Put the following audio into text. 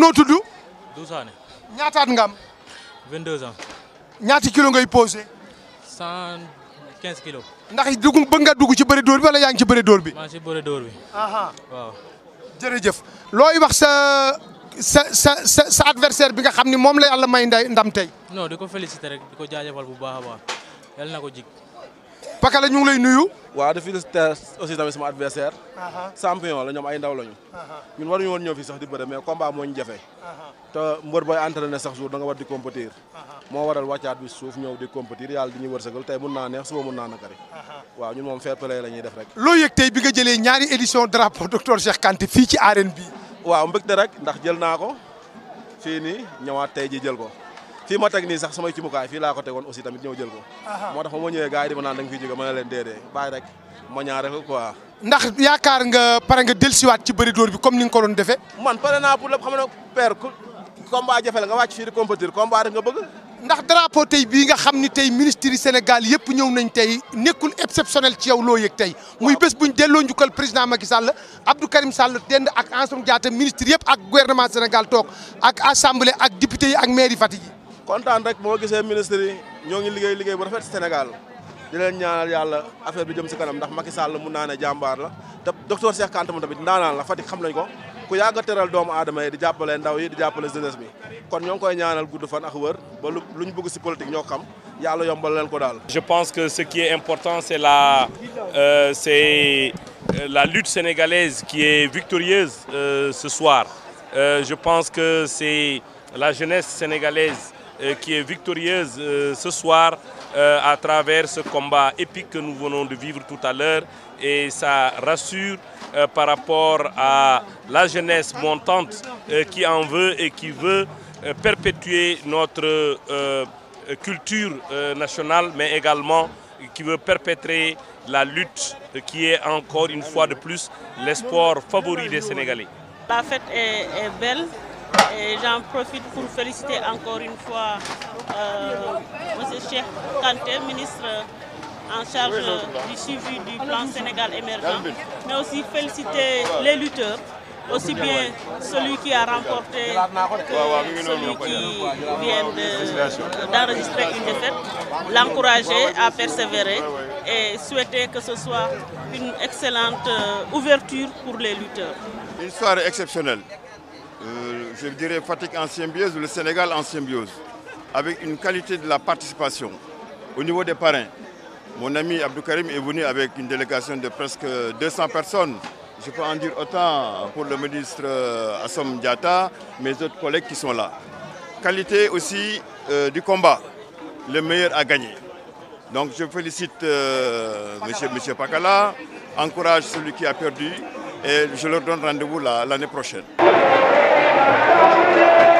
noo tudd. Doudou Sané. ñaataat nga am. 22 ñaati kilo ngay posé. 115 kilos. ndax dugg bëgg nga dugg ci bëri door bi wala yaa ngi ci bëri dóor bi. maa ngi ci bëri dóor bi. jërëjëf looy wax sa sa sa sa adversaire bi nga xam ni moom la yàlla may ndam tey. non di ko féliciter rek di ko jaajëfal bu baax a baax yàlla na ko jig. Pakala ñu ngi lay nuyu. waaw dafay des aussi tamit sama adversaire. champion la ñoom ay ndaw lañu. ñun waruñu woon ñëw fii sax di bëre mais combat moo ñu jafe. te mbër booy entraîné sax jour da nga war di compétir. moo waral wàccaat bi suuf ñëw di compétir yàlla di ñuy wërsëgal tey mun naa neex suba mun naa nakari. waaw ñun moom fair play la ñuy def rek. loo yëg tey bi nga jëlee ñaari édition drapeau docteur Cheikh Kanté fii ci arène bi. waaw mbégte rek ndax jël naa ko fii nii ñëwaat tey ji jël ko. fii ma teg nii sax samay cimukaay fii laa ko tegoon aussi tamit ñëw jël ko moo tax ma ma ñëwee gars yi di ma naan da nga fiy jóge ma leen déedee rek ma ñaare ko quoi nga pare nga ci bëri dóor bi comme ni nga ko doon defee man pare naa pour lépp xam ne père ku combat jafe la nga wàcc fii di compétir combat rek nga bëgg ndax drapeau tey bii nga xam ni tey ministre yi Sénégal yëpp ñëw nañ tey nekkul exceptionnel ci yow loo yëg tey muy bés buñ delloo njukkal président maki Sall Abdou Karim Sall dend ak Assome Diatta ministre yëpp ak gouvernement Sénégal toog ak assemblée ak député yi ak Fatick kontaan rek moo gisee ministre yi ñoo ngi liggéey liggéey bu rafet Sénégal di leen ñaanal yalla affaire bi jëm ci kanam ndax Macky Sall mu naa jambar la te docteur Cheikh Kanté mo tamit ndaanaan la Fatick xam lañ ko ku yàgg a teral doomu aadama yi di jàppale ndaw yi di jàppale jeunesse bi kon ñoo ngi koy ñaanal gudd fan ak wër ba lu luñ bëgg si politique ñoo xam yàlla yombal leen ko daal. Je pense que ce qui est important c'est la euh, c'est euh, la lutte sénégalaise qui est victorieuse euh, ce soir. Euh, je pense que c'est la jeunesse sénégalaise euh, qui est victorieuse euh, ce soir euh, à travers ce combat épique que nous venons de vivre tout à l'heure. Et ça rassure par rapport à la jeunesse montante qui en veut et qui veut perpétuer notre culture nationale, mais également qui veut perpétrer la lutte qui est encore une fois de plus l'espoir favori des Sénégalais. La fête est belle, et j'en profite pour féliciter encore une fois euh, M. Cheikh Kanté, ministre en charge du suivi du plan Sénégal émergent, mais aussi féliciter les lutteurs, aussi bien celui qui a remporté que celui qui vient d'enregistrer une défaite, l'encourager à persévérer et souhaiter que ce soit une excellente euh, ouverture pour les lutteurs. Une soirée exceptionnelle. Euh, je dirais Fatigue en symbiose, le Sénégal en symbiose, avec une qualité de la participation. Au niveau des parrains, mon ami Abdou Karim est venu avec une délégation de presque 200 personnes. Je peux en dire autant pour le ministre euh, Assom Diata, mes autres collègues qui sont là. Qualité aussi euh, du combat, le meilleur à gagner. Donc je félicite M. monsieur, monsieur Pakala, encourage celui qui a perdu et je leur donne rendez-vous l'année prochaine. Amém.